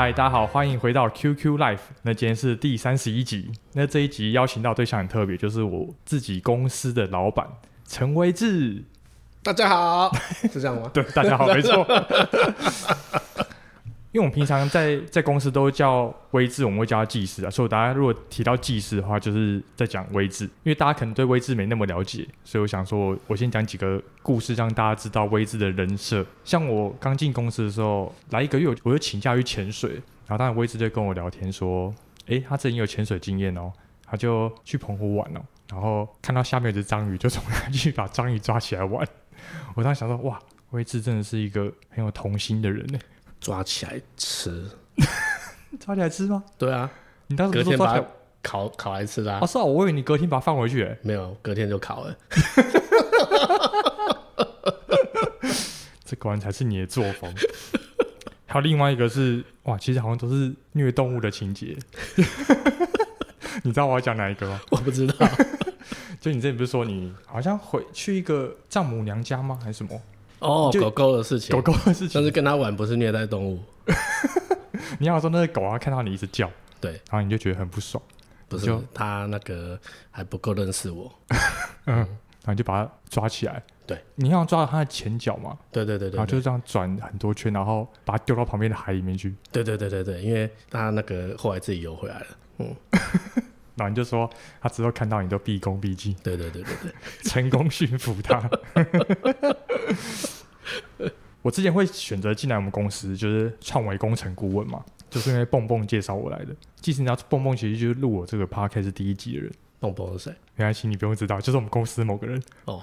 嗨，大家好，歡迎回到 QQ Life。那今天是第三十一集。那這一集邀請到對象很特別，就是我自己公司的老闆陳威志。大家好， 是這樣嗎？對，大家好， 沒錯錯。 因為我們平常在在公司都叫威志，我們會叫他技師啊，所以大家如果提到技師的話，就是在講威志。因為大家可能對威志沒那麼了解，所以我想說，我先講幾個故事，讓大家知道威志的人設。像我剛進公司的時候，來一個月，我就請假去潛水，然後當然威志就跟我聊天說：“誒、欸，他自己有潛水經驗哦、喔，他就去澎湖玩哦、喔，然後看到下面有只章魚，就衝上去把章魚抓起來玩。”我當時想說：“哇，威志真的是一個很有童心的人呢、欸。”抓起來吃？ 抓起來吃嗎？對啊，你當時隔天把它烤烤來吃的啊？哦、啊，是啊，我以為你隔天把它放回去、欸，哎，沒有，隔天就烤了。 這果然才是你的作風。 還有另外一個是，哇，其實好像都是虐動物的情節。 你知道我要講哪一個嗎？我不知道。 就你這裡不是說你好像回去一個丈母娘家嗎？還是什麼？哦、oh，狗狗的事情，狗狗的事情，但是跟他玩不是虐待動物。 你要說那個狗啊，他看到你一直叫，對，然後你就覺得很不爽，不是，不是就他那個還不夠認識我， 嗯，然後你就把它抓起來，對，你要抓到它的前腳嘛，對對，對對對對，然後就這樣轉很多圈，然後把它丟到旁邊的海裡面去，對對對對對，因為它那個後來自己游回來了，嗯。 然後就說：“他之後看到你都畢恭畢敬。”對對對對對，成功馴服他。 我之前會選擇進來我們公司，就是創維工程顧問嘛，就是因為蹦蹦介紹我來的。其實你知道，蹦蹦其實就是錄我這個 podcast 第一集的人。蹦蹦是誰？沒關係，你不用知道，就是我們公司某個人。哦，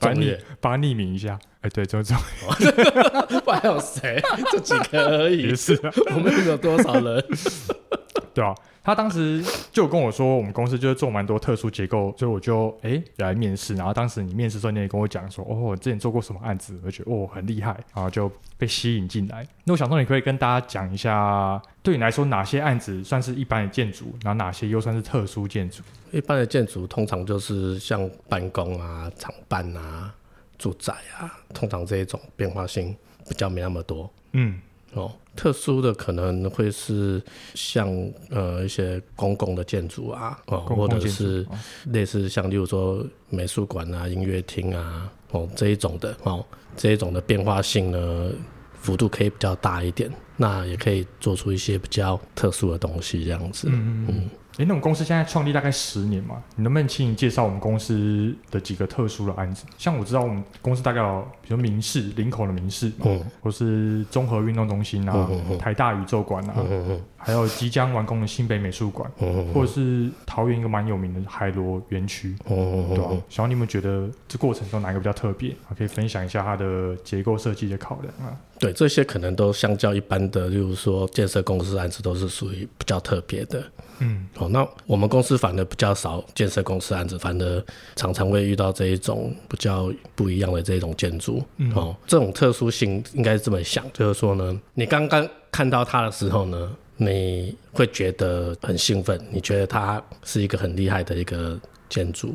保你把他匿名一下。哎、欸，對，就是。哦、 還有誰？就 幾個而已。是、啊， 我們有,有多少人？ 對啊，他當時就跟我說，我們公司就是做蠻多特殊結構，所以我就哎來面試。然後當時你面試的時候你也跟我講說，哦，我之前做過什麼案子，而且哦很厲害，然後就被吸引進來。那我想說，你可以跟大家講一下，對你來說哪些案子算是一般的建築，然後哪些又算是特殊建築？一般的建築通常就是像辦公啊、廠辦啊、住宅啊，通常這一種變化性比較沒那麼多。嗯，哦。特殊的可能會是像呃一些公共的建築啊，哦或者是類似像、哦、例如說美術館啊、音樂廳啊，哦這一種的哦這一種的變化性呢，幅度可以比較大一點，那也可以做出一些比較特殊的東西這樣子。嗯，嗯。哎、欸，那我們公司現在創立大概十年嘛，你能不能請你介紹我們公司的幾個特殊的案子？像我知道我們公司大概有，比如民視林口的民視嗯，或是綜合運動中心啊，呵呵呵台大宇宙館啊呵呵呵，還有即將完工的新北美術館，或者是桃園一個蠻有名的海螺園區，哦、嗯、對小、啊、王，你有沒有覺得這過程中哪一個比較特別？可以分享一下它的結構設計的考量啊？對，這些可能都相較一般的，例如說建設公司案子，都是屬於比較特別的。嗯，好，哦，那我們公司反而比較少建設公司案子，反而常常會遇到這一種比較不一樣的這種建築。哦，這種特殊性應該是這麼想，就是說呢，你剛剛看到它的時候呢，你會覺得很興奮，你覺得它是一個很厲害的一個。建築，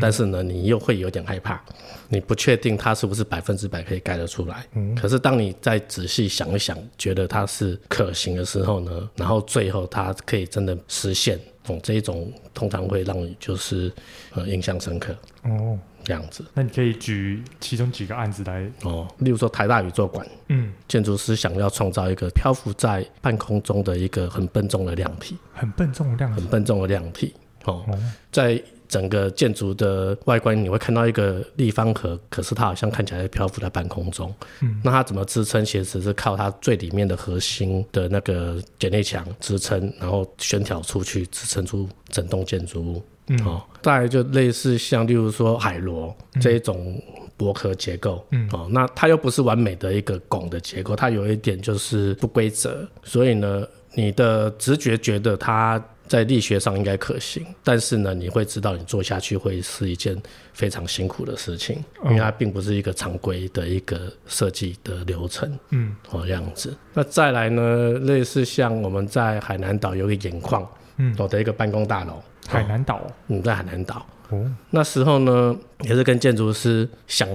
但是呢，你又會有點害怕，嗯、你不確定它是不是百分之百可以蓋得出來、嗯。可是當你再仔細想一想，覺得它是可行的時候呢，然後最後它可以真的實現，哦、這種通常會讓你就是、呃、印象深刻哦。這樣子、哦，那你可以舉其中幾個案子來哦，例如說台大宇宙館，嗯，建築師想要創造一個漂浮在半空中的一個很笨重的量體，很笨重的量，很笨重的量體、的量體哦、哦，在。整個建築的外觀，你會看到一個立方盒，可是它好像看起來漂浮在半空中。嗯，那它怎麼支撐？其實只是靠它最裡面的核心的那個剪力牆支撐，然後懸挑出去支撐出整棟建築物。嗯，哦，大概就類似像，例如說海螺這一種薄殼結構。嗯，哦，那它又不是完美的一個拱的結構，它有一點就是不規則，所以呢，你的直覺覺得它。在力學上應該可行，但是呢，你會知道你做下去會是一件非常辛苦的事情，因為它並不是一個常規的一個設計的流程。嗯、哦，哦，這樣子。那再來呢，類似像我們在海南島有一個眼眶嗯，我的一個辦公大樓。嗯哦、海南島、哦，嗯，在海南島。嗯、哦，那時候呢，也是跟建築師想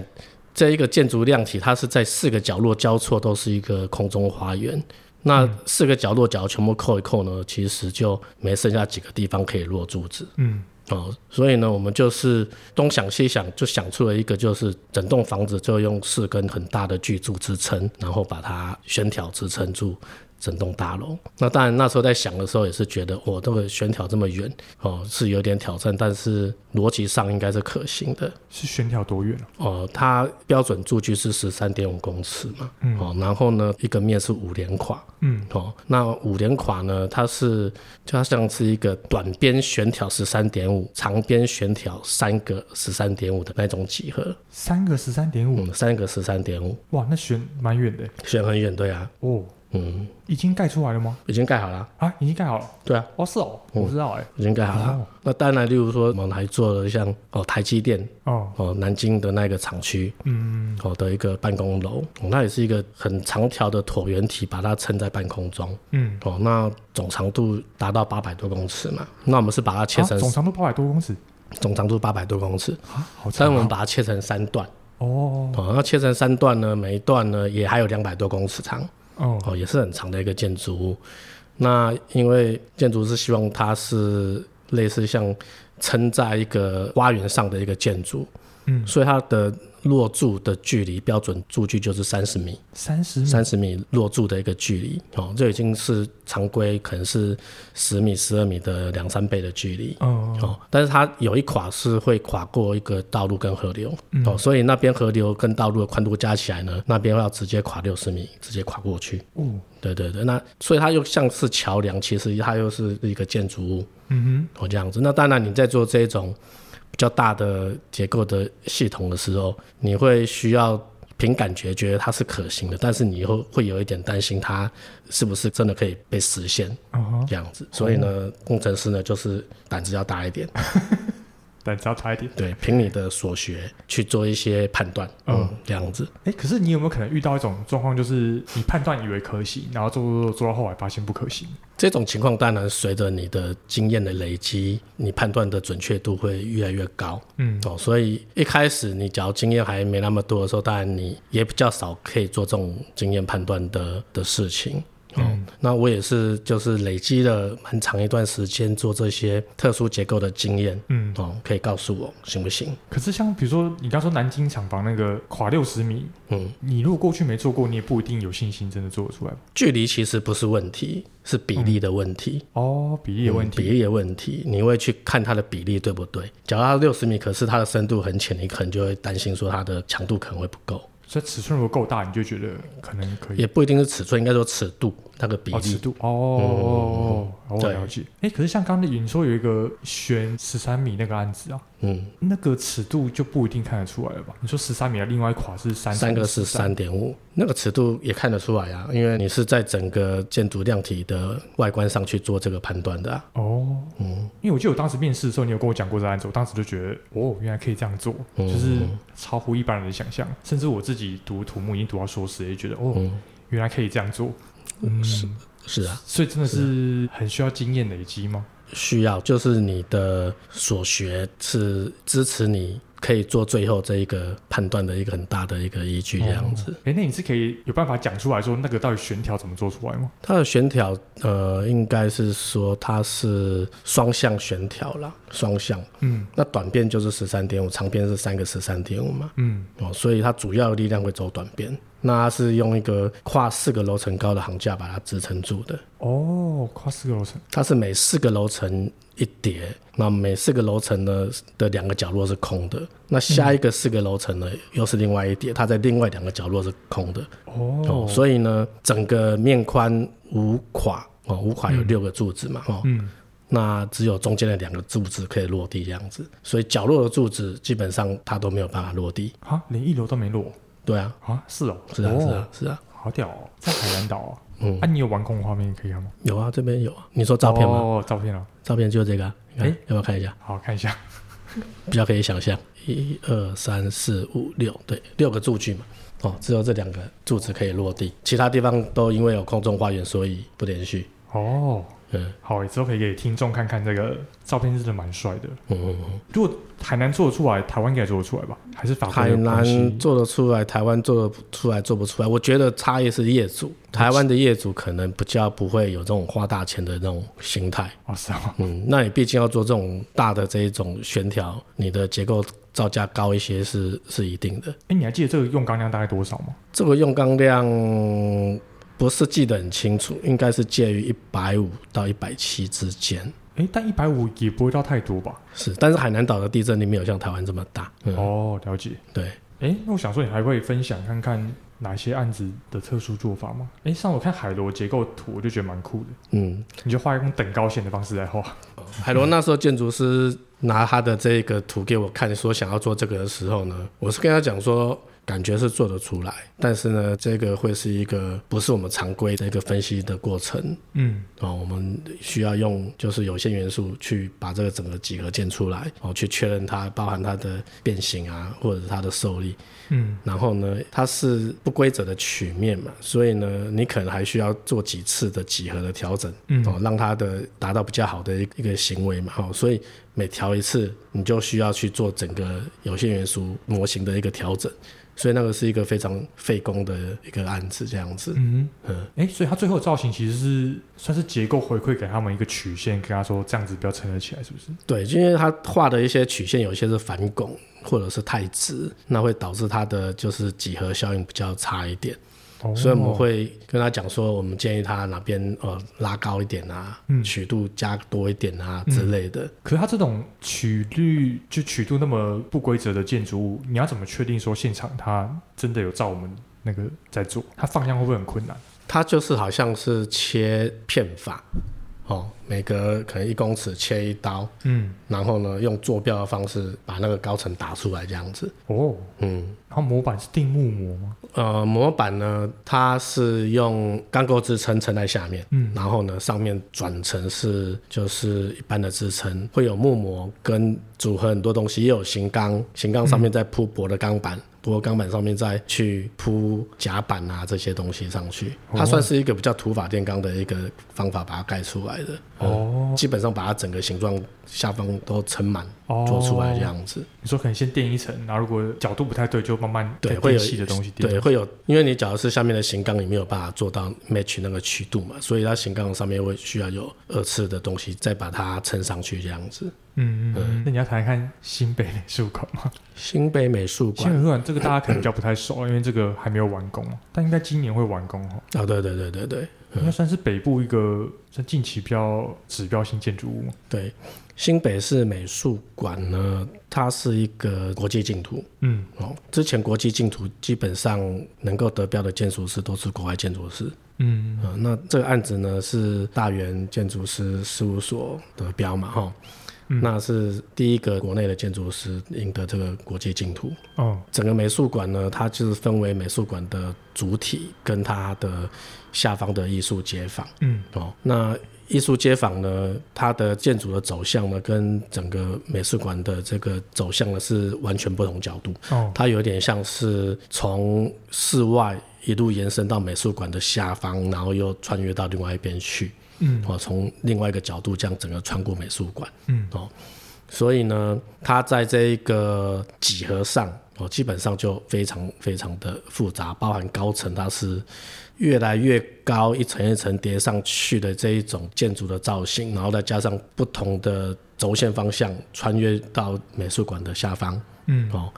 這一個建築量體，它是在四個角落交錯，都是一個空中花園。那四個角落角全部扣一扣呢，其實就沒剩下幾個地方可以落柱子。嗯，哦，所以呢，我們就是東想西想，就想出了一個，就是整棟房子就用四根很大的巨柱支撐，然後把它懸挑支撐住。整棟大樓，那當然那時候在想的時候也是覺得，哦，這個懸挑這麼遠，哦，是有點挑戰，但是邏輯上應該是可行的。是懸挑多遠啊？哦，它標準柱距是十三點五公尺嘛。嗯，哦，然後呢，一個面是五連跨。嗯，哦，那五連跨呢，它是就像是一個短邊懸挑十三點五，長邊懸挑三個十三點五的那種幾何。三個十三點五，三個十三點五，哇，那懸蠻遠的，懸很遠，對啊，哦。嗯，已經蓋出來了嗎？已經蓋好了啊！啊已經蓋好了。對啊，我、哦、是哦，我不知道哎、欸嗯，已經蓋好了。哦、那當然，例如說我們還做了像哦台積電哦哦南京的那個廠區，嗯，哦的一個辦公樓、哦，那也是一個很長條的橢圓體，把它撐在半空中，嗯，哦那總長度達到八百多公尺嘛，那我們是把它切成、啊、總長度八百多公尺，總長度八百多公尺啊，好、哦，但我們把它切成三段，哦，哦，那切成三段呢，每一段呢也還有兩百多公尺長。哦，哦，也是很長的一個建築物。那因為建築師希望它是類似像撐在一個花園上的一個建築，嗯，所以它的。落柱的距離標準柱距，就是三十米，三十米，三十米落柱的一個距離哦，這已經是常規，可能是十米、十二米的兩三倍的距離哦哦，但是它有一跨，是會跨過一個道路跟河流、嗯、哦，所以那邊河流跟道路的寬度加起來呢，那邊要直接跨六十米，直接跨過去，嗯，對對對，那所以它又像是橋梁，其實它又是一個建築物，嗯哼，哦，這樣子，那當然你在做這種。比較大的結構的系統的時候，你會需要憑感覺覺得它是可行的，但是你又會有一點擔心它是不是真的可以被實現這樣子。Uh -huh. 所以呢，uh -huh. 工程師呢就是膽子要大一點。 但只要差一點點，對，憑你的所學去做一些判斷，嗯，這樣子。哎、欸，可是你有沒有可能遇到一種狀況，就是你判斷以為可行，然後做做做，做到後來發現不可行？這種情況當然隨着你的經驗的累積，你判斷的準確度會越來越高。嗯，哦，所以一開始你只要經驗還沒那麼多的時候，當然你也比較少可以做這種經驗判斷的的事情。那我也是，就是累積了很長一段時間做這些特殊結構的經驗，嗯，哦、嗯，可以告訴我行不行？可是像比如說你剛說南京廠房那個跨六十米，嗯，你如果過去沒做過，你也不一定有信心真的做得出來。距離其實不是問題，是比例的問題、嗯、哦，比例的問題，嗯、比例的問題，你會去看它的比例對不對？假如它六十米，可是它的深度很淺，你可能就會擔心說它的強度可能會不夠。所以尺寸如果夠大，你就覺得可能可以。也不一定是尺寸，應該說尺度。那個比例尺度哦，哦，哦，哦，我了解。哎、嗯哦哦，可是像剛剛你說有一個懸十三米那個案子啊，嗯，那個尺度就不一定看得出來了吧？你說十三米哦、啊，另外一跨是三三個是三點五，那個尺度也看得出來啊，因為你是在整個建築量體的外觀上去做這個判斷的、啊。哦，嗯，因為我記得我當時面試的時候，你有跟我講過這個案子，我當時就覺得哦，原來可以這樣做，就是超乎一般人的想象，嗯、甚至我自己讀土木已經讀到碩士，也覺得哦、嗯，原來可以這樣做。嗯、是是啊，所以真的是很需要經驗累積嗎、啊？需要，就是你的所學是支持你可以做最後這一個判斷的一個很大的一個依據這樣子。哎、哦，那你是可以有辦法講出來，說那個到底懸挑怎麼做出來嗎？它的懸挑呃，應該是說它是雙向懸挑啦，雙向。嗯，那短邊就是十三點五，長邊是三個十三點五嘛。嗯，哦，所以它主要的力量會走短邊。那是用一個跨四個樓層高的桁架把它支撐住的。哦，跨四個樓層。它是每四個樓層一疊，那每四個樓層呢的兩個角落是空的。那下一個四個樓層呢、嗯、又是另外一疊，它在另外兩個角落是空的哦。哦。所以呢，整個面寬五跨哦，五跨有六個柱子嘛、嗯，哦。那只有中間的兩個柱子可以落地這樣子，所以角落的柱子基本上它都沒有辦法落地。啊，連一樓都沒落。對啊，啊是哦，是啊、哦、是啊、哦、是啊，好屌、哦，在海南島、哦，嗯，啊你有完工畫面可以看嗎？有啊，這邊有、啊，你說照片嗎？哦，照片啊，照片就這個、啊，哎、欸，要不要看一下？好看一下， 比較可以想象，一二三四五六，對，六個柱距嘛，哦，只有這兩個柱子可以落地，其他地方都因為有空中花園，所以不連續。哦。對，好，之後可以給聽眾看看這個照片，真的蠻帥的。嗯，如果海南做得出來，台灣應該做得出來吧？還是法國？海南做得出來，台灣做得出來，做不出來？我覺得差異是業主，台灣的業主可能比較不會有這種花大錢的那種心態。哇塞，嗯，那你畢竟要做這種大的這一種懸挑，你的結構造價高一些是是一定的。哎，你還記得這個用鋼量大概多少嗎？這個用鋼量。不是記得很清楚，應該是介於一百五到一百七之間。誒、欸，但一百五也不會到太多吧？是，但是海南島的地震里力沒有像台灣這麼大，嗯。哦，了解。對。哎、欸，那我想說，你還會分享看看哪些案子的特殊做法嗎？誒、欸，上午看海螺結構圖，我就覺得蠻酷的。嗯，你就畫一種等高線的方式來畫、哦。海螺那時候建築師拿他的這個圖給我看，說想要做這個的時候呢，我是跟他講說。感覺是做得出來，但是呢，這個會是一個不是我們常規的一個分析的過程，嗯，哦，我們需要用就是有限元素去把這個整個幾何建出來，然後、哦、去確認它包含它的變形啊，或者是它的受力，嗯，然後呢，它是不規則的曲面嘛，所以呢，你可能還需要做幾次的幾何的調整，嗯，哦，讓它的達到比較好的一個行為嘛，哦，所以每調一次，你就需要去做整個有限元素模型的一個調整。所以那個是一個非常費工的一個案子，這樣子。嗯嗯，哎、欸，所以他最後造型其實是算是結構回饋給他們一個曲線，跟他說這樣子比較撐得起來，是不是？對，因為他畫的一些曲線，有一些是反拱或者是太直，那會導致他的就是幾何效應比較差一點。所以我們會跟他講說，我們建議他哪邊呃拉高一點啊、嗯，曲度加多一點啊之類的。嗯、可是他這種曲率就曲度那麼不規則的建築物，你要怎麼確定說現場他真的有照我們那個在做？他放樣會不會很困難？他就是好像是切片法。哦，每隔可能一公尺切一刀，嗯，然後呢，用坐標的方式把那個高層打出來這樣子。哦，嗯，然後模板是定木模嗎？呃，模板呢，它是用鋼構支撐撐在下面，嗯，然後呢，上面轉成是就是一般的支撐，會有木模跟組合很多東西，也有型鋼，型鋼上面再鋪薄的鋼板。嗯不過鋼板上面再去鋪甲板啊，這些東西上去，哦、它算是一個比較土法電鋼的一個方法，把它蓋出來的。哦、嗯，基本上把它整個形狀下方都撐滿，哦、做出來這樣子。你說可能先墊一層，然後如果角度不太對，就慢慢對，會有細的東西對。對，會有，因為你只要是下面的型鋼，你沒有辦法做到 match 那個曲度嘛，所以它型鋼上面會需要有二次的東西再把它撐上去這樣子。嗯嗯，那你要談看新北美術館嗎？新北美術館，新北美術館這個大家可能比較不太熟， 因為這個還沒有完工，但應該今年會完工哦。啊，對對對對對，應該算是北部一個、嗯、算近期標指標性建築物。對，新北市美術館呢，它是一個國際競圖。嗯，哦，之前國際競圖基本上能夠得標的建築師都是國外建築師，嗯，嗯那這個案子呢是大元建築師事務所得標嘛，哈、嗯。哦嗯，那是第一個國內的建築師贏得這個國際競圖。哦。整個美術館呢，它就是分為美術館的主體跟它的下方的藝術街坊，嗯，哦，那藝術街坊呢，它的建築的走向呢，跟整個美術館的這個走向呢是完全不同角度，哦，它有點像是從室外一路延伸到美術館的下方，然後又穿越到另外一邊去。嗯，哦，從另外一個角度，這樣整個穿過美術館，嗯，哦，所以呢，它在這一個幾何上，哦，基本上就非常非常的複雜，包含高層它是越來越高一層一層疊上去的這一種建築的造型，然後再加上不同的軸線方向穿越到美術館的下方，嗯，哦，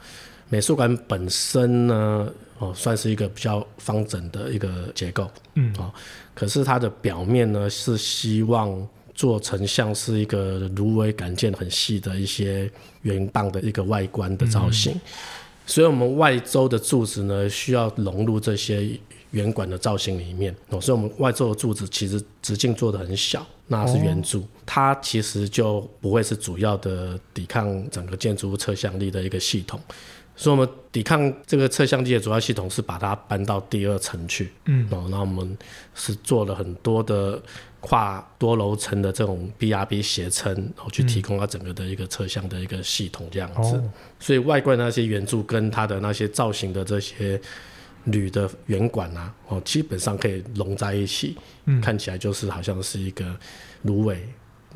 美術館本身呢，哦，算是一個比較方整的一個結構，嗯，哦。可是它的表面呢，是希望做成像是一個蘆葦桿件很細的一些圓棒的一個外觀的造型，嗯、所以我們外周的柱子呢，需要融入這些圓管的造型裡面。哦、所以我們外周的柱子其實直徑做得很小，那是圓柱、哦，它其實就不會是主要的抵抗整個建築物側向力的一個系統。所以，我們抵抗這個側向力的主要系統是把它搬到第二層去。嗯，哦，那我們是做了很多的跨多樓層的這種 BRB 斜撐，哦，去提供它整個的一個側向的一個系統這樣子。嗯、所以，外觀那些圓柱跟它的那些造型的這些鋁的圓管啊，哦，基本上可以融在一起，嗯、看起來就是好像是一個蘆葦。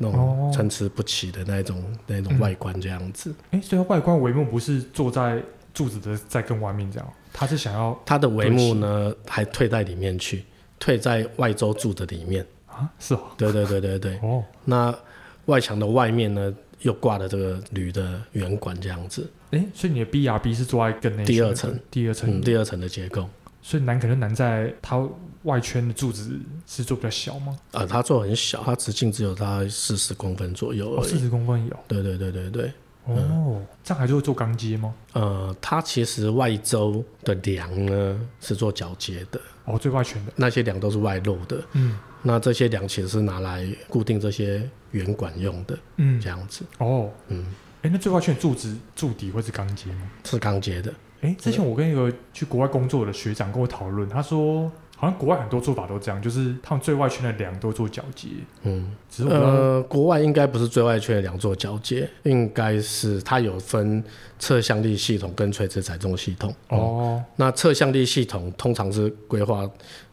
那種參差、哦哦哦、不齊的那種那種外觀這樣子。哎、嗯欸，所以他外觀帷幕不是坐在柱子的在跟外面這樣，他是想要他的帷幕呢，還退在裡面去，退在外周柱子裡面啊？是、哦、對對對對對。 哦，那外牆的外面呢，又掛了這個鋁的圓管這樣子。哎、欸，所以你的 BRB 是坐在更那第二層，第二層，第二層、嗯、的結構。所以難可能難在它外圈的柱子是做比較小嗎？啊、呃，它做很小，它直徑只有大概四十公分左右，哦，四十公分有。對對對對對。哦，嗯、這樣還就會做剛接嗎？呃，它其實外周的梁呢是做鉸接的。哦，最外圈的那些梁都是外露的。嗯。那這些梁其實是拿來固定這些圓管用的。嗯，這樣子。哦，嗯。哎，那最外圈柱子柱底會是剛接嗎？是剛接的。哎，之前我跟一個去國外工作的學長跟我討論，他說，好像國外很多做法都這樣，就是他們最外圈的梁都做鉸接。嗯，只是，呃，國外應該不是最外圈的梁做鉸接，應該是它有分側向力系統跟垂直載重系統。嗯、哦，那側向力系統通常是規劃，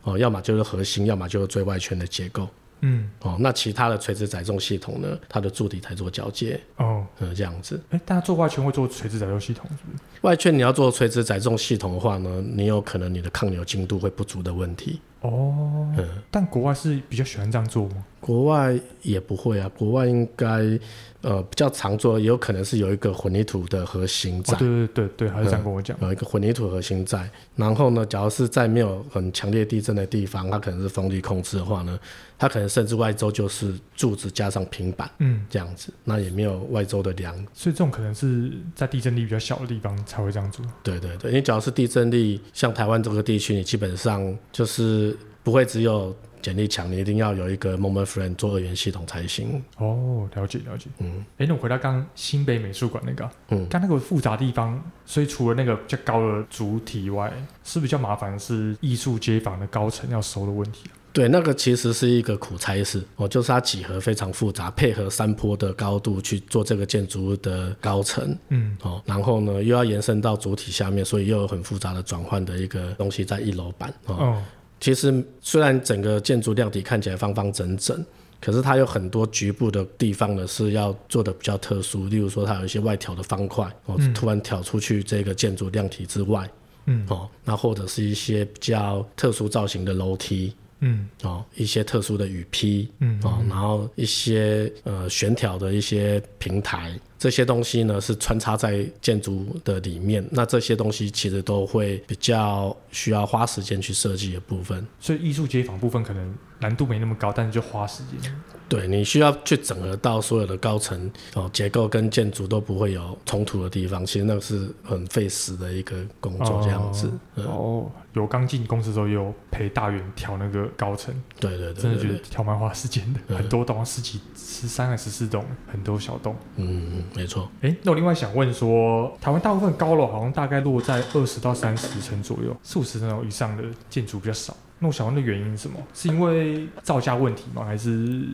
哦、呃，要麼就是核心，要麼就是最外圈的結構。嗯，哦、呃，那其他的垂直載重系統呢，它的柱體才做鉸接。哦，呃，這樣子。哎，大家做外圈會做垂直載重系統，是不是？外圈你要做垂直載重系統的話呢，你有可能你的抗扭精度會不足的問題哦。哦，嗯，但國外是比較喜歡這樣做嗎？國外也不會啊，國外應該。呃，比較常做，也有可能是有一個混凝土的核心在。哦。對對對對，他是這樣跟我講。嗯。有一個混凝土的核心在，然後呢，假如是在沒有很強烈地震的地方，它可能是風力控制的話呢，它可能甚至外周就是柱子加上平板，嗯，這樣子，那也沒有外周的樑。所以這種可能是在地震力比較小的地方才會這樣做。對對對，因為假如是地震力，像台灣這個地區，你基本上就是不會只有。剪力牆，你一定要有一個 moment frame 做二元系統才行。哦，了解了解。嗯，哎、欸，那我回到剛新北美術館那個、啊，嗯，剛那個複雜地方，所以除了那個較高的主體外，是，是比較麻煩，是藝術街坊的高層要收的問題、啊。對，那個其實是一個苦差事哦，就是它幾何非常複雜，配合山坡的高度去做這個建築的高層，嗯，哦，然後呢又要延伸到主體下面，所以又有很複雜的轉換的一個東西在一樓板哦。哦其實，雖然整個建築量體看起來方方正正，可是它有很多局部的地方呢，是要做得比較特殊。例如說，它有一些外挑的方塊，哦、嗯、突然挑出去這個建築量體之外，嗯、哦、那或者是一些比較特殊造型的樓梯。嗯，哦，一些特殊的雨披，嗯，哦，嗯、然後一些呃懸挑的一些平台，這些東西呢是穿插在建築的裡面，那這些東西其實都會比較需要花時間去設計的部分。所以藝術街坊部分可能難度沒那麼高，但是就花時間。對，你需要去整合到所有的高層哦，結構跟建築都不會有衝突的地方。其實那個是很費時的一個工作這樣子哦、嗯。哦，有剛進公司的時候也有陪大員調那個高層。對對對，對，對，真的覺得調蠻花時間的，嗯、很多棟十幾、十三還十四棟，很多小棟。嗯嗯，沒錯。哎，那我另外想問說，台灣大部分高樓好像大概落在二十到三十層左右，四五十層以上的建築比較少。那我想問的原因是什麼？是因為造價問題嗎？還是？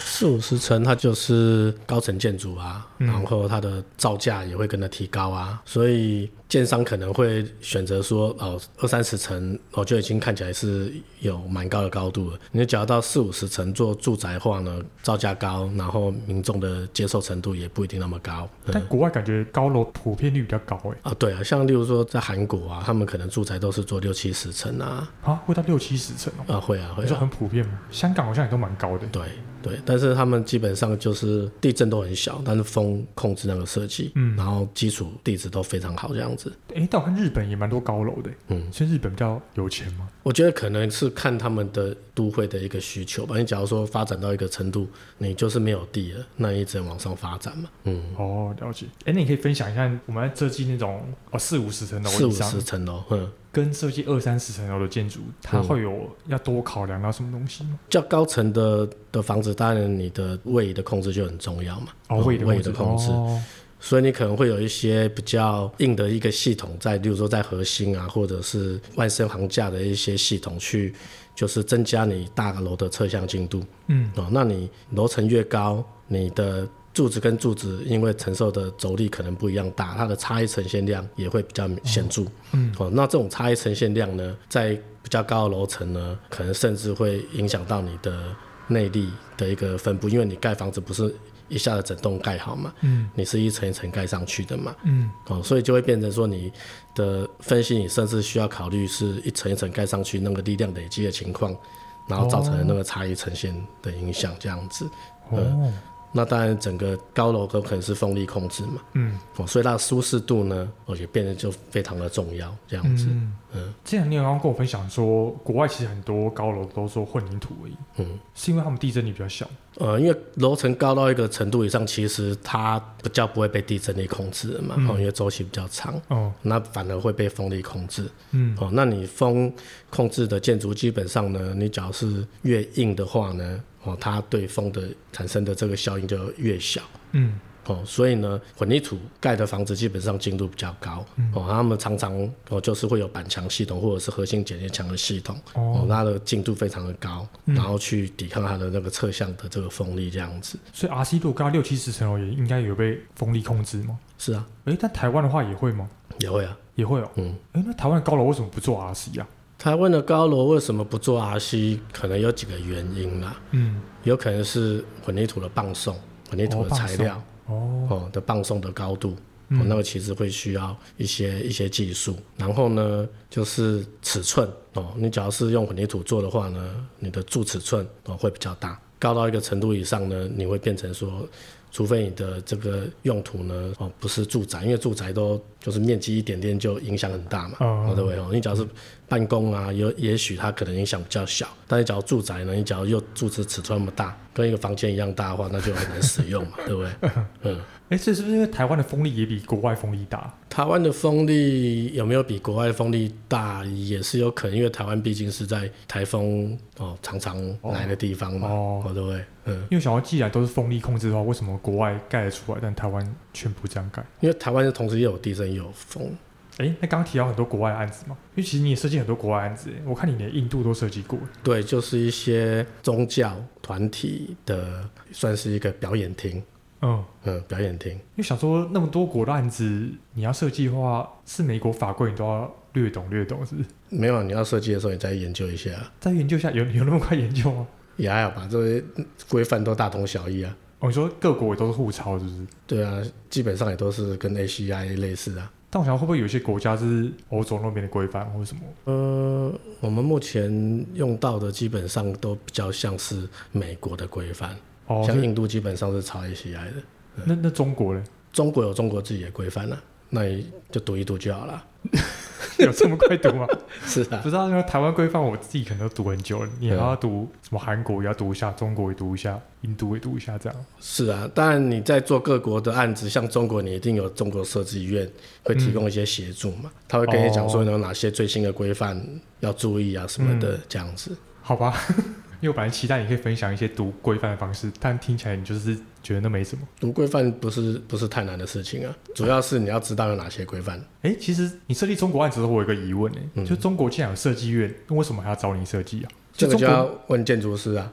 四五十層，它就是高層建築啊、嗯，然後它的造價也會跟它提高啊，所以建商可能會選擇說，哦，二三十層，然、哦、就已經看起來是有蠻高的高度了。你就假如到四五十層做住宅的話呢，造價高，然後民眾的接受程度也不一定那麼高。嗯、但國外感覺高樓普遍率比較高誒。啊，對啊，像例如說在韓國啊，他們可能住宅都是做六七十層啊。啊，會到六七十層、哦？啊，會啊，會啊，你說很普遍、嗯、香港好像也都蠻高的。對。對，但是他們基本上就是地震都很小，但是風控制那個設計，嗯，然後基礎地質都非常好這樣子。哎，但我看日本也蠻多高樓的，嗯，其實日本比較有錢嗎？我覺得可能是看他們的都會的一個需求吧。你假如說發展到一個程度，你就是沒有地了，那你只能往上發展嘛。嗯，哦，了解。哎，那你可以分享一下，我們在設計那種哦四五十層樓，四五十層樓，嗯。跟設計二三十層樓的建築，它會有要多考量到什麼東西嗎？嗯、較高層的的房子，當然你的位移的控制就很重要嘛。哦，嗯、位移的控制，哦，所以你可能會有一些比較硬的一個系統，在，例如說在核心啊，或者是萬盛框架的一些系統，去就是增加你大樓的側向精度。嗯，哦，那你樓層越高，你的柱子跟柱子，因為承受的軸力可能不一樣大，它的差異呈現量也會比較顯著、哦。嗯，哦，那這種差異呈現量呢，在比較高的樓層呢，可能甚至會影響到你的內力的一個分布，因為你蓋房子不是一下子整棟蓋好嘛，嗯，你是一層一層蓋上去的嘛，嗯，哦，所以就會變成說你的分析，你甚至需要考慮是一層一層蓋上去那個力量累積的情況，然後造成的那個差異呈現的影響、哦、這樣子，嗯、呃。哦那當然，整個高樓都可能是風力控制嘛。嗯。哦、所以它的舒適度呢，我覺得變得就非常的重要，這樣子。嗯。嗯，既然你有剛剛跟我分享說，國外其實很多高樓都是混凝土而已。嗯。是因為他們地震力比較小。呃，因為樓層高到一個程度以上，其實它比較不會被地震力控制了嘛、嗯。哦，因為周期比較長。哦。那反而會被風力控制。嗯。哦，那你風控制的建築，基本上呢，你只要是越硬的話呢？哦，它對風的產生的這個效應就越小，嗯，哦，所以呢，混凝土蓋的房子基本上勁度比較高，嗯，哦，他們常常哦就是會有板牆系統或者是核心剪力牆的系統，哦，它，哦，的勁度非常的高，嗯，然後去抵抗它的那個側向的這個風力這樣子。所以 R C 度高六七十層樓也應該有被風力控制嗎？是啊，哎，但台灣的話也會嗎？也會啊，也會哦，嗯，哎，那台灣高樓為什麼不做 R C 啊？台灣的高樓為什麼不做 RC？可能有幾個原因啦，嗯，有可能是混凝土的泵送，混凝土的材料，哦，哦哦的泵送的高度，嗯、哦，那麼、個、其實會需要一些一些技術。然後呢，就是尺寸，哦，你只要是用混凝土做的話呢，你的柱尺寸哦會比較大，高到一個程度以上呢，你會變成說。除非你的這個用途呢，哦，不是住宅，因為住宅都就是面積一點點就影響很大嘛，對不對？哦，你只要是辦公啊，有、嗯、也許它可能影響比較小，但你只要住宅呢，你只要又柱子尺寸那麼大，跟一個房間一樣大的話，那就很難使用嘛， 對不對？ 嗯。哎，這是不是因為台灣的風力也比國外風力大？台灣的風力有沒有比國外風力大也是有可能，因為台灣畢竟是在台風哦常常來的地方嘛，哦哦，對不對？嗯。因為想要既然都是風力控制的話，為什麼國外蓋得出來，但台灣全部這樣蓋？因為台灣是同時又有地震又有風。哎，那剛剛提到很多國外案子嘛，因為其實你也設計很多國外案子，我看你連印度都設計過。對，就是一些宗教團體的，算是一個表演廳。嗯、哦、嗯，表演廳。因為想說那麼多國的案子，你要設計的話，是美國法規你都要略懂略懂，是不是？沒有，你要設計的時候你再研究一下。再研究一下，有有那麼快研究嗎？也還好吧，這些規範都大同小異啊。我、哦、說各國也都是互抄，是不是？對啊，基本上也都是跟 ACI 類似的、啊。但我想說會不會有些國家是歐洲那邊的規範，或者什麼？呃，我們目前用到的基本上都比較像是美國的規範。像印度基本上是超 A C I 的。哦 okay 嗯、那那中國呢？中國有中國自己的規範了，那你就讀一讀就好了。 有這麼快讀嗎？ 是、啊、不知道，因為台灣規範，我自己可能都讀很久了。你還要讀什麼？韓國也要讀一下、嗯，中國也讀一下，印度也讀一下，這樣是啊。但你在做各國的案子，像中國，你一定有中國設計院會提供一些協助嘛？他、嗯、會跟你講說你有哪些最新的規範要注意啊，什麼的，這樣子。嗯、好吧。 因為我本來期待你可以分享一些讀規範的方式，但聽起來你就是覺得那沒什麼。讀規範不是不是太難的事情啊，主要是你要知道有哪些規範。哎、嗯欸，其實你設計中國案子的時候，我有一個疑問呢、欸嗯，就中國既然有設計院，為什麼還要找你設計啊？就中國、這個、就要問建築師啊？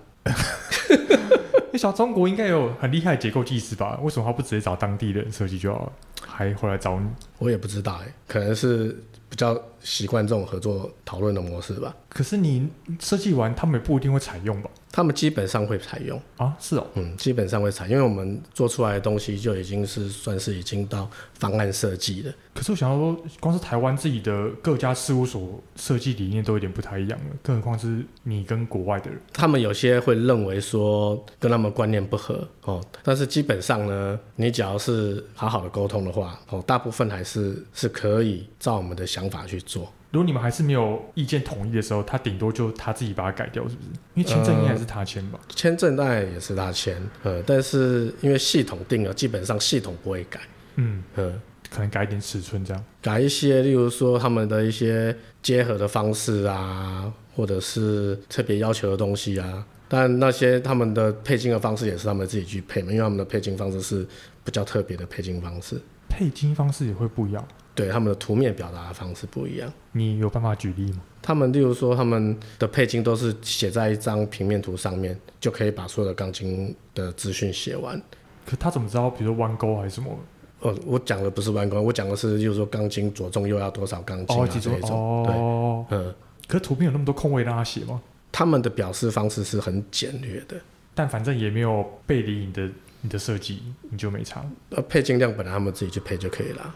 你 想 中國應該有很厲害的結構技師吧？為什麼他不直接找當地人設計就好了？還後來找你？我也不知道哎、欸，可能是。比較習慣這種合作討論的模式吧。可是你設計完，他們也不一定會採用吧？他們基本上會採用啊，是哦，嗯，基本上會採用，因為我們做出來的東西就已經是算是已經到方案設計了。可是我想要說，光是台灣自己的各家事務所設計理念都有點不太一樣了，更何況是你跟國外的人。他們有些會認為說跟他們觀念不合哦，但是基本上呢，你只要是好好的溝通的話哦，大部分還是是可以照我們的想法去做。如果你們還是沒有意見統一的時候，他頂多就他自己把它改掉，是不是？因為簽證應該還是他簽吧？呃，簽證當然也是他簽，呃，但是因為系統定了，基本上系統不會改，嗯、呃，可能改一點尺寸這樣，改一些，例如說他們的一些結合的方式啊，或者是特別要求的東西啊，但那些他們的配筋的方式也是他們自己去配嘛，因為他們的配筋方式是比較特別的配筋方式，配筋方式也會不一樣。對他們的圖面表達的方式不一樣，你有辦法舉例嗎？他們例如說，他們的配筋都是寫在一張平面圖上面，就可以把所有的鋼筋的資訊寫完。可他怎麼知道，比如說彎鈎還是什麼？呃、哦，我講的不是彎鈎，我講的是，就是說鋼筋左中右要多少鋼筋、啊哦、這一種。哦、對嗯。可是圖片有那麼多空位讓他寫嗎？他們的表示方式是很簡略的，但反正也沒有背離你的你的設計，你就沒差。呃、啊，配筋量本來他們自己去配就可以了。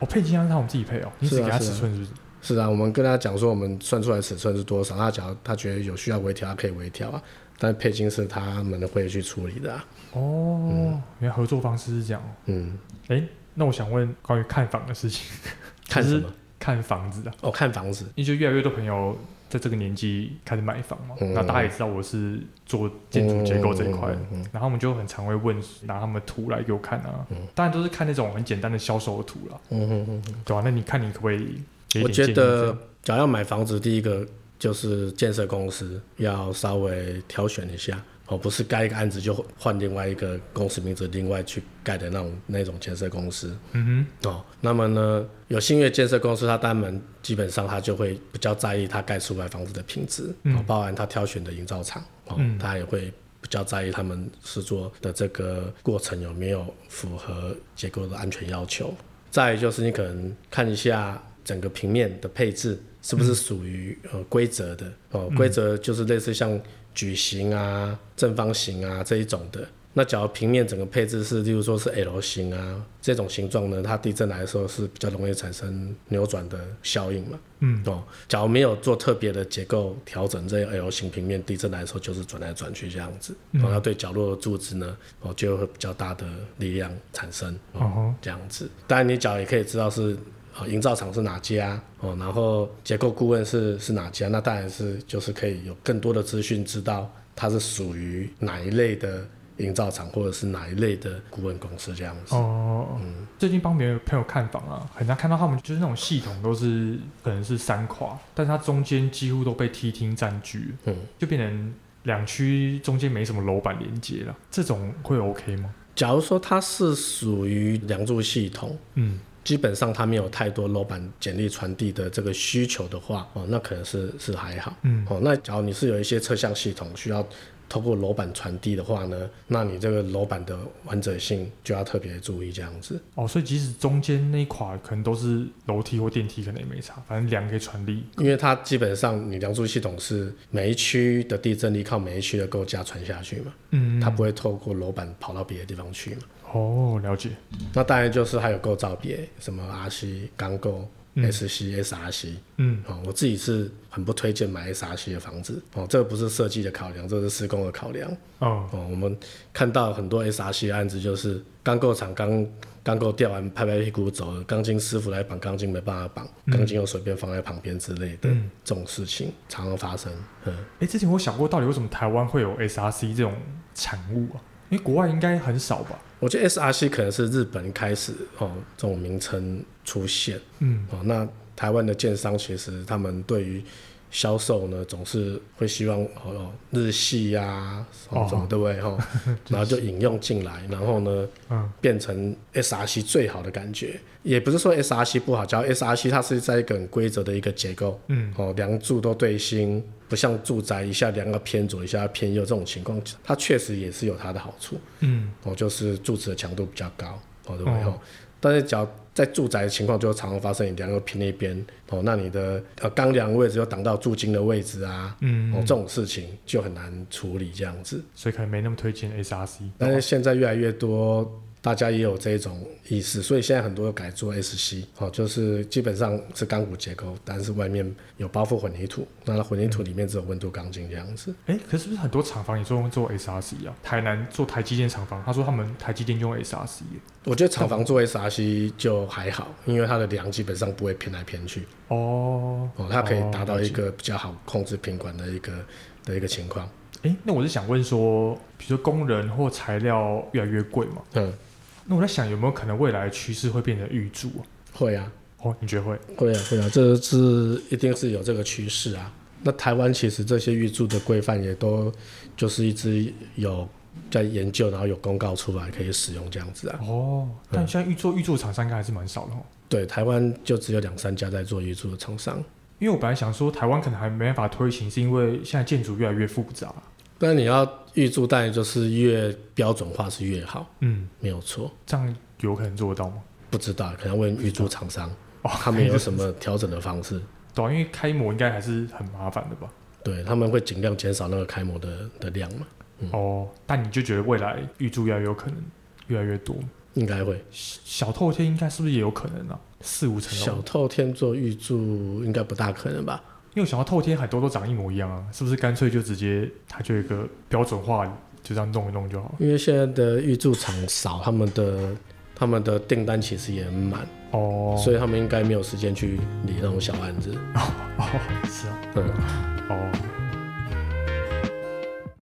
哦，配筋要是他我們自己配哦，你只給他尺寸是不是？是啊，是啊是啊，我們跟他講說我們算出來尺寸是多少，他講他覺得有需要微調，他可以微調啊，但配筋是他們的會去處理的啊。哦、嗯，原來合作方式是這樣哦。嗯，誒、欸，那我想問關於看房的事情， 是看什麼？看房子的？啊、哦，看房子，因為就越來越多朋友。在這個年紀開始買房嘛，嗯嗯，那大家也知道我是做建築結構這一塊的，嗯嗯嗯嗯，然後我們就很常會問拿他們的圖來給我看啊、嗯，當然都是看那種很簡單的銷售的圖了。嗯，嗯嗯嗯，對啊，那你看你可不可以？我覺得，想要買房子，第一個就是建設公司要稍微挑選一下。哦，不是蓋一個案子就換另外一個公司名字，另外去蓋的那種那種建設公司。嗯哼。哦，那麼呢，有新月建設公司，他單門基本上他就會比較在意他蓋出來房子的品質，嗯哦，包含他挑選的營造廠，哦、嗯，他也會比較在意他們施作的這個過程有沒有符合結構的安全要求。再來就是你可能看一下整個平面的配置是不是屬於，嗯，呃，規則的，哦，規則就是類似像，矩形啊、正方形啊這一種的，那假如平面整個配置是，例如說是 L 型啊這種形狀呢，它地震來的時候是比較容易產生扭轉的效應嘛。嗯哦，假如沒有做特別的結構調整，這 L 型平面地震來的時候就是轉來轉去這樣子，嗯、然後、哦、對角落的柱子呢，哦就會比較大的力量產生。哦，嗯、這樣子，當然你腳也可以知道是。營造廠是哪家？哦，然後結構顧問是是哪家？那當然是就是可以有更多的資訊，知道它是屬於哪一類的營造廠，或者是哪一類的顧問公司這樣子。哦、嗯，嗯，最近幫別人朋友看房啊，很常看到他們就是那種系統都是可能是三跨，但是它中間幾乎都被梯廳占據，嗯，就變成兩區中間沒什麼樓板連接了。這種會 OK 嗎？假如說它是屬於梁柱系統，嗯。基本上它沒有太多樓板剪力傳遞的這個需求的話，哦，那可能是是還好。嗯，哦，那假如你是有一些側向系統需要透過樓板傳遞的話呢，那你這個樓板的完整性就要特別注意這樣子。哦，所以即使中間那一跨可能都是樓梯或電梯，可能也沒差，反正梁可以傳遞。因為它基本上你梁柱系統是每一區的地震力靠每一區的構架傳下去嘛，嗯，嗯，它不會透過樓板跑到別的地方去嘛。哦，了解。那大概就是還有構造別，什麼 RC 鋼構、SC、嗯、SRC。嗯，哦，我自己是很不推薦買 SRC 的房子。哦，這個不是設計的考量，這是施工的考量。哦，哦，我們看到很多 SRC 的案子，就是鋼構廠剛鋼構吊完，拍拍屁股走了，鋼筋師傅來綁鋼筋，沒辦法綁，鋼、嗯、筋又隨便放在旁邊之類的、嗯、這種事情，常常發生。嗯，哎，之前我想過，到底為什麼台灣會有 SRC 這種產物啊？因為國外應該很少吧？我覺得 SRC 可能是日本開始哦，這種名稱出現。嗯，哦，那台灣的建商其實他們對於銷售呢，總是會希望哦日系呀、啊，這對不對？然後就引用進來、 就是，然後呢，變成 SRC 最好的感覺、嗯。也不是說 SRC 不好，只要 SRC 它是在一個很規則的一個結構。嗯，哦，梁柱都對心。不像住宅一下兩個偏左一下偏右這種情況，它確實也是有它的好處。嗯，哦，就是柱子的強度比較高，哦對哦、嗯。但是，只要在住宅的情況，就常會發生你量個偏那邊哦，那你的呃鋼樑的位置又擋到柱筋的位置啊，嗯，哦，這種事情就很難處理這樣子。所以，可能沒那麼推薦 SRC。但是現在越來越多。大家也有這一種意思，所以現在很多改做 S C、哦，就是基本上是鋼骨結構，但是外面有包覆混凝土，那混凝土裡面只有溫度鋼筋這樣子。哎、欸，可是，是不是很多廠房也做做 S R C 啊？台南做台積電廠房，他說他們台積電用 S R C。我覺得廠房做 S R C 就還好，因為它的梁基本上不會偏來偏去。哦哦，它可以達到一個比較好控制品管的一個的一個情況、欸。那我是想問說，比如說工人或材料越來越貴嘛？嗯。那我在想，有沒有可能未來的趨勢會變成預鑄、啊？會啊！哦，你覺得會？會啊，會啊，這是一定是有這個趨勢啊。那台灣其實這些預鑄的規範也都就是一直有在研究，然後有公告出來可以使用這樣子啊。哦，但像預鑄預鑄廠商應該還是蠻少的哦。嗯、對，台灣就只有兩三家在做預鑄的廠商。因為我本來想說，台灣可能還沒辦法推行，是因為現在建築越來越複雜、啊。那你要預鑄，大概就是越標準化是越好。嗯，沒有錯。這樣有可能做得到嗎？不知道，可能要問預鑄廠商。哦。他們有什麼調整的方式。 對，因為開模應該還是很麻煩的吧？對，他們會盡量減少那個開模的的量嘛、嗯。哦。但你就覺得未來預鑄越來越可能越來越多？應該會。小，小透天應該是不是也有可能呢、啊？四五層。小透天做預鑄應該不大可能吧？因為我想要透天很多都、都長一模一樣啊，是不是乾脆就直接它就一個標準化就這樣弄一弄就好？因為現在的預鑄廠少，他們的他們的訂單其實也滿，哦，所以他們應該沒有時間去理那種小案子。哦，哦是啊，對啊、嗯、哦。